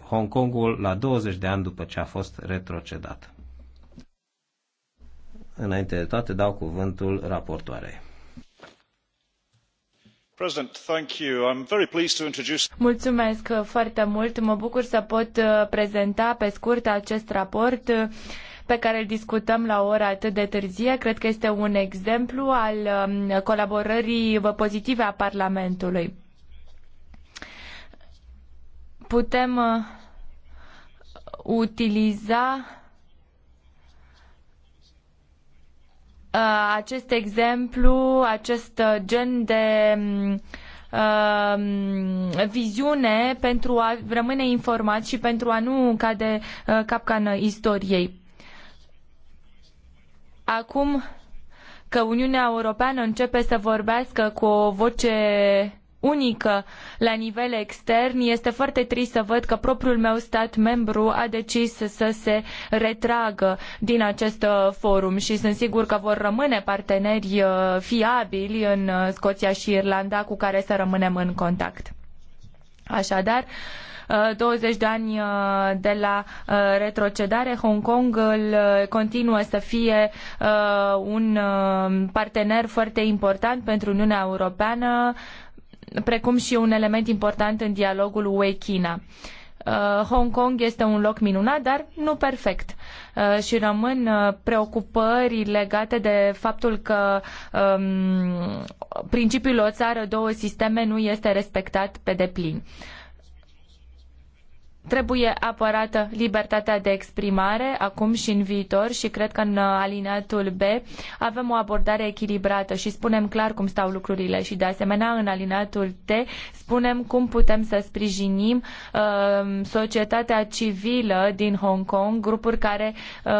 Hong Kongul la 20 de ani după ce a fost retrocedat. Înainte de toate, dau cuvântul raportoarei. Mulțumesc foarte mult. Mă bucur să pot uh, prezenta pe scurt acest raport uh, pe care îl discutăm la ora atât de târzie. Cred că este un exemplu al um, colaborării pozitive a Parlamentului putem uh, utiliza uh, acest exemplu, acest uh, gen de mm, mm, viziune pentru a rămâne informat și pentru a nu cade capcană istoriei. Acum că Uniunea Europeană începe să vorbească cu o voce unică la nivel extern, este foarte trist să văd că propriul meu stat membru a decis să se retragă din acest uh, forum și sunt sigur că vor rămâne parteneri uh, fiabili în uh, Scoția și Irlanda cu care să rămânem în contact. Așadar, 20 de ani de la retrocedare, Hong Kong îl continuă să fie un partener foarte important pentru Uniunea Europeană precum și un element important în dialogul UE-China. Uh, Hong Kong este un loc minunat, dar nu perfect. Uh, și rămân uh, preocupări legate de faptul că um, principiul o țară, două sisteme nu este respectat pe deplin. Uh, Trebuie apărată libertatea de exprimare acum și în viitor și cred că în alineatul B avem o abordare echilibrată și spunem clar cum stau lucrurile și de asemenea în alineatul T spunem cum putem să sprijinim uh, societatea civilă din Hong Kong, grupuri care uh,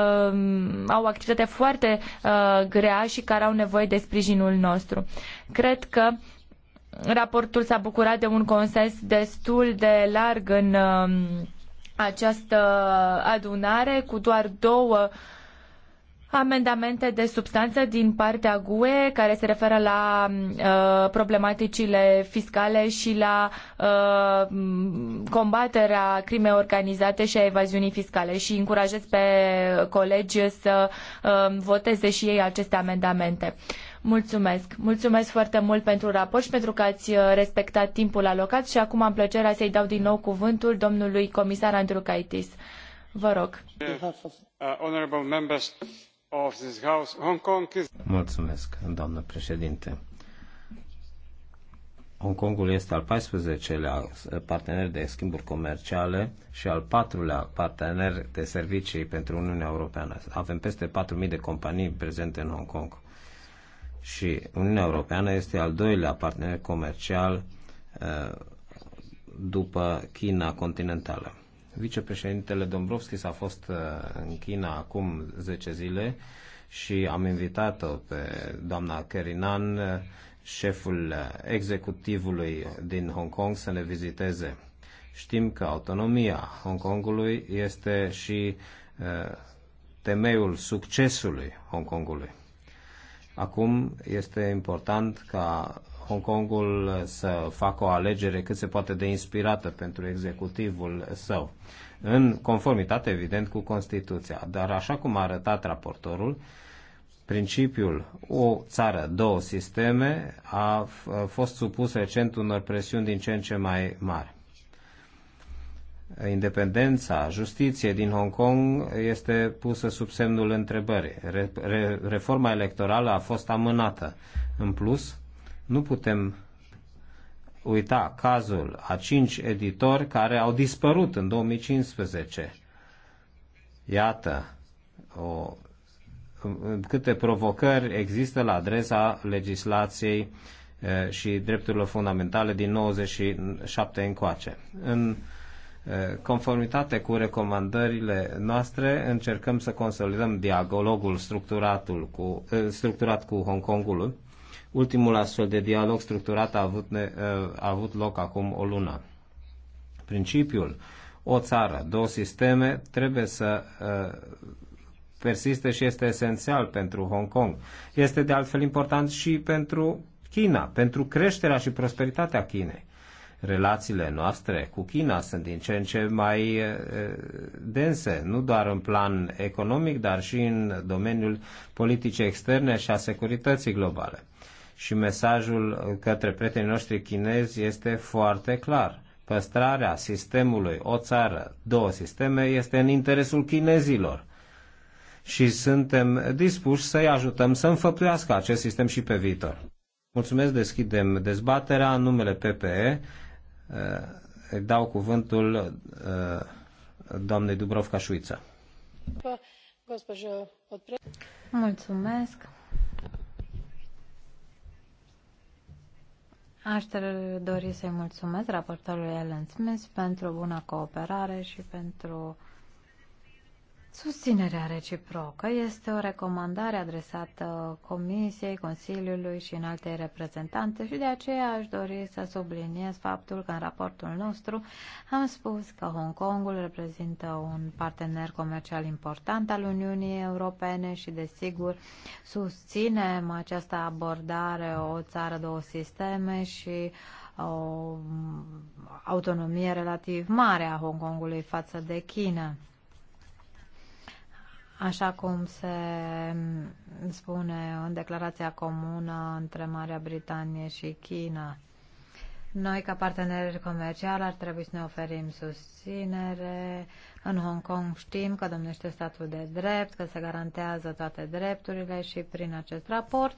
au o activitate foarte uh, grea și care au nevoie de sprijinul nostru. Cred că raportul s-a bucurat de un consens destul de larg în um, această adunare, cu doar două amendamente de substanță din partea GUE care se referă la um, uh, problematicile fiscale și la uh, combaterea crimei organizate și a evaziunii fiscale și încurajez pe colegi să uh, voteze și ei aceste amendamente. Uh, Mulțumesc! Mulțumesc foarte mult pentru raport și pentru că ați uh, respectat timpul alocat și acum am plăcerea să-i dau din nou cuvântul domnului comisar Andrew Vă rog! Uh, Mulțumesc, doamnă președinte! Hong Kongul este al 14-lea partener de schimburi comerciale și al patrulea partener de servicii pentru Uniunea Europeană. Avem peste 4.000 de companii prezente în Hong Kong și Uniunea Europeană este al doilea partener comercial uh, după China continentală. Vicepreședintele Dombrovskis a fost uh, în China acum 10 zile și am invitat-o pe doamna Kerinan, uh, șeful executivului din Hong Kong, să ne viziteze. Știm că autonomia Hong Kongului este și temeiul succesului Hong Kongului Acum este important ca Hong Kongul să facă o alegere cât se poate de inspirată pentru executivul său, în conformitate, evident, cu Constituția. Dar, așa cum a arătat raportorul, principiul o țară, două sisteme a fost supus recent unor presiuni din ce în ce mai mari independența justiție din Hong Kong este pusă sub semnul întrebării. Re, re, reforma electorală a fost amânată. În plus, nu putem uita cazul a cinci editori care au dispărut în 2015. Iată o, câte provocări există la adresa legislației eh, și drepturilor fundamentale din 97 încoace. În Eh, conformitate cu recomandările noastre, încercăm să consolidăm dialogul structuratul cu, eh, structurat cu Hong Kongul. Ultimul astfel de dialog structurat a avut, eh, a avut loc acum o lună. Principiul o țară, două sisteme trebuie să persiste și este esențial pentru Hong Kong. Este de altfel important și pentru China, pentru creșterea și prosperitatea Chinei. Relațiile noastre cu China sunt din ce în ce mai dense, nu doar în plan economic, dar și în domeniul politicii externe și a securității globale. Și mesajul către prietenii noștri chinezi este foarte clar. Păstrarea sistemului o țară, două sisteme este în interesul chinezilor și suntem dispuși să-i ajutăm să înfăptuiască acest sistem și pe viitor. Mulțumesc, deschidem dezbaterea în numele PPE. Uh, dau cuvântul uh, doamnei Dubrovka Șuiță. Mulțumesc. Aș dori să-i mulțumesc raportorului Alan Smith pentru buna cooperare și pentru Susținerea reciprocă este o recomandare adresată Comisiei, Consiliului și în alte reprezentante și de aceea aș dori să subliniez faptul că în raportul nostru am spus că Hong Kongul reprezintă un partener comercial important al Uniunii Europene și desigur susținem această abordare o țară, două sisteme și uh, o autonomie relativ mare a Hong Kongului față de China așa cum se spune în declarația comună între Marea Britanie și China. Noi, ca parteneri comerciali, ar trebui să ne oferim susținere. În Hong Kong știm că domnește statul de drept, că se garantează toate drepturile și prin acest raport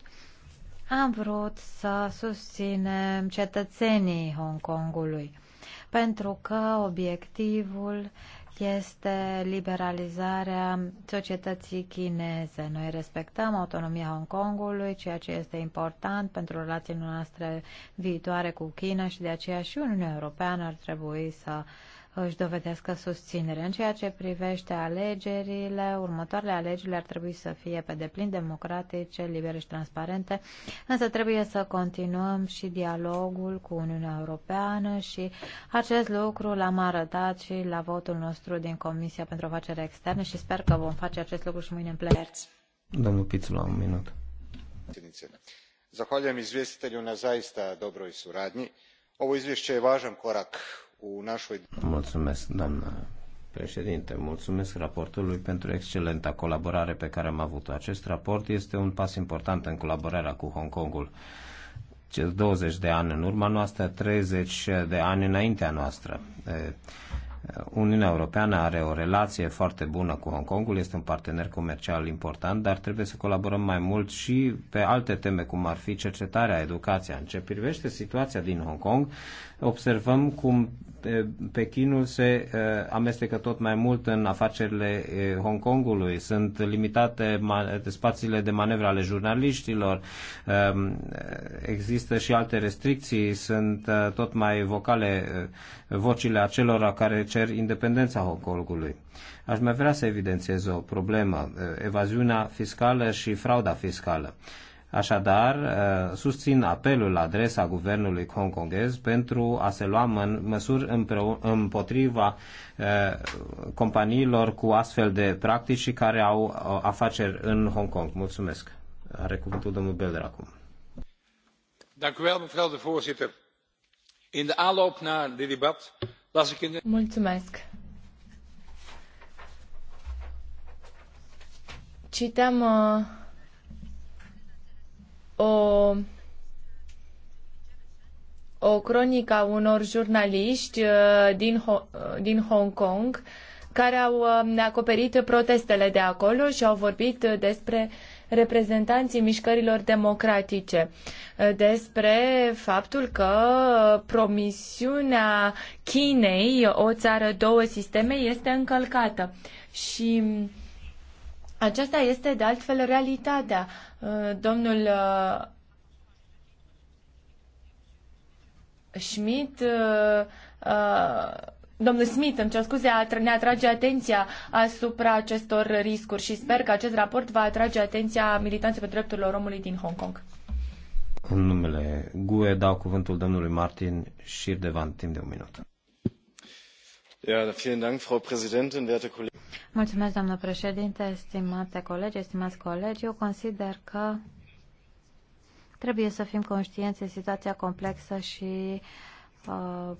am vrut să susținem cetățenii Hong Kongului, pentru că obiectivul este liberalizarea societății chineze. Noi respectăm autonomia Hong Kongului, ceea ce este important pentru relațiile noastre viitoare cu China și de aceea și Uniunea Europeană ar trebui să uh, își dovedească susținere. În ceea ce privește alegerile, următoarele alegeri ar trebui să fie pe deplin democratice, libere și transparente, însă trebuie să continuăm și dialogul cu Uniunea Europeană și acest lucru l-am arătat și la votul nostru din Comisia pentru Afaceri Externe și sper că vom face acest lucru și mâine în plen. Domnul Pițu, la un minut. Zahvaljujem izvjestitelju na zaista dobroj suradnji. Ovo izvješće je važan korak u našoj... Mulțumesc, doamnă președinte. Mulțumesc raportului pentru excelenta colaborare pe care am avut-o. Acest raport este un pas important în colaborarea cu Hong Kongul. 20 de ani în urma noastră, 30 de ani înaintea noastră. Uniunea Europeană are o relație foarte bună cu Hong Kongul, este un partener comercial important, dar trebuie să colaborăm mai mult și pe alte teme, cum ar fi cercetarea, educația. În ce privește situația din Hong Kong, observăm cum eh, Pechinul se eh, amestecă tot mai mult în afacerile eh, Hong Kongului. Sunt limitate spațiile de manevră ale jurnaliștilor, ehm, există și alte restricții, sunt tot mai vocale vocile acelora care cer independența Hongkongului. Aș mai vrea să evidențiez o problemă, eh, evaziunea fiscală și frauda fiscală. Așadar, eh, susțin apelul la adresa guvernului hongkongez pentru a se lua măsuri împotriva eh, companiilor cu astfel de practici care au afaceri în Hong Kong. Mulțumesc. Are cuvântul domnul Belder acum. Dank u wel, mevrouw de voorzitter. In de aanloop naar dit debat Mulțumesc. Citeam uh, o o cronică a unor jurnaliști uh, din, Ho uh, din Hong Kong care au uh, acoperit protestele de acolo și au vorbit uh, despre reprezentanții mișcărilor democratice uh, despre faptul că promisiunea Chinei, o țară, două sisteme, este încălcată. Și aceasta este de altfel realitatea. Uh, domnul uh, Schmidt Domnul Smith, îmi cer scuze, ne atrage atenția asupra acestor riscuri și sper că acest raport va atrage atenția militanților drepturilor omului din Hong Kong. În numele GUE dau cuvântul domnului Martin și Șirdevan timp de un minut. Mulțumesc, doamnă președinte, stimate colegi, stimați colegi. Eu consider că trebuie să fim conștienți de situația complexă și uh,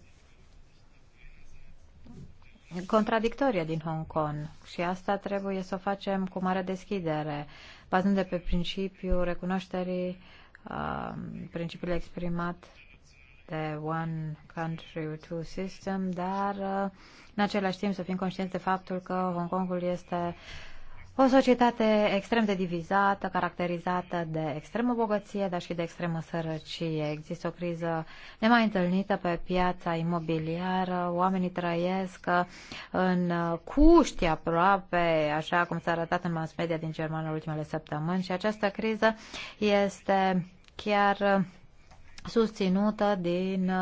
contradictorie din Hong Kong și asta trebuie să o facem cu mare deschidere, bazând de pe principiul recunoașterii uh, um, principiul exprimat de One Country, Two System, dar uh, în același timp să fim conștienți de faptul că Hong Kongul este uh, o societate extrem de divizată, caracterizată de extremă bogăție, dar și de extremă sărăcie. Există o criză nemai întâlnită pe piața imobiliară, oamenii trăiesc uh, în uh, cuști aproape, așa cum s-a arătat în mass media din Germania în ultimele săptămâni și această criză este chiar uh, susținută din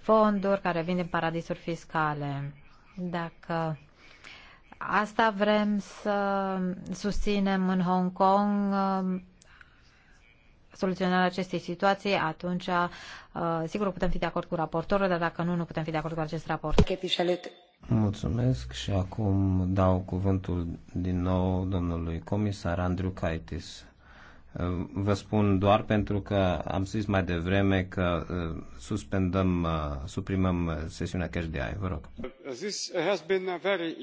fonduri care vin din paradisuri fiscale. Dacă Asta vrem să susținem în Hong Kong uh, soluționarea acestei situații, atunci uh, sigur putem fi de acord cu raportorul, dar dacă nu, nu putem fi de acord cu acest raport. Mulțumesc și acum dau cuvântul din nou domnului comisar Andrew Kaitis. Uh, vă spun doar pentru că am zis mai devreme că uh, suspendăm, uh, suprimăm sesiunea cash de Vă rog.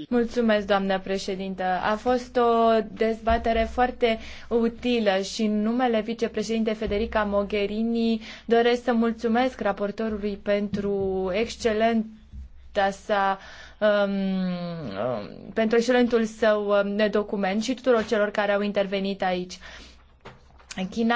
Mulțumesc, doamnă președintă. A fost o dezbatere foarte utilă și în numele vicepreședinte Federica Mogherini doresc să mulțumesc raportorului pentru excelent sa um, um, pentru excelentul său um, document și tuturor celor care au intervenit aici. China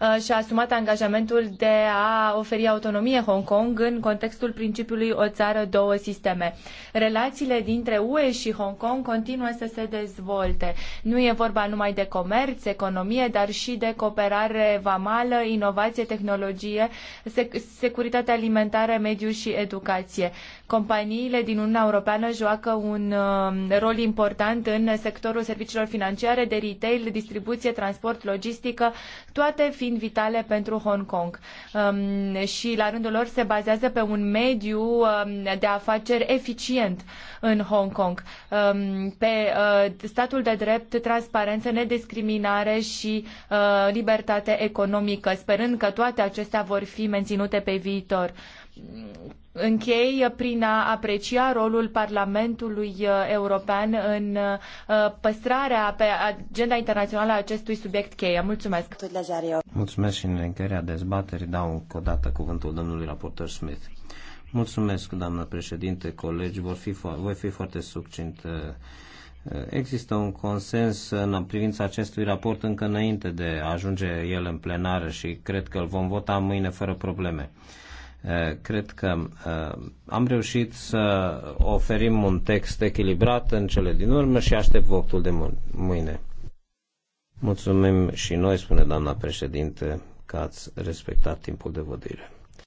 uh, și-a asumat angajamentul de a oferi autonomie Hong Kong în contextul principiului o țară, două sisteme. Relațiile dintre UE și Hong Kong continuă să se dezvolte. Nu e vorba numai de comerț, economie, dar și de cooperare vamală, inovație, tehnologie, sec- securitate alimentară, mediu și educație. Companiile din Uniunea Europeană joacă un um, rol important în sectorul serviciilor financiare, de retail, distribuție, transport, logistică, economică, toate fiind vitale pentru Hong Kong. Um, și la rândul lor se bazează pe un mediu um, de afaceri eficient în Hong Kong, um, pe uh, statul de drept, transparență, nediscriminare și uh, libertate economică, sperând că toate acestea vor fi menținute pe viitor. Închei prin a aprecia rolul Parlamentului uh, European în uh, păstrarea pe agenda internațională a acestui subiect cheie. Mulțumesc! Mulțumesc și în încheierea dezbaterii dau încă o dată cuvântul domnului raportor Smith. Mulțumesc, doamnă președinte, colegi, vor fi voi fi foarte succint. Uh, există un consens în privința acestui raport încă înainte de a ajunge el în plenară și cred că îl vom vota mâine fără probleme. Eh, cred că eh, am reușit să oferim un text echilibrat în cele din urmă și aștept votul de mâine. Mulțumim și noi, spune doamna președinte, că ați respectat timpul de vădire.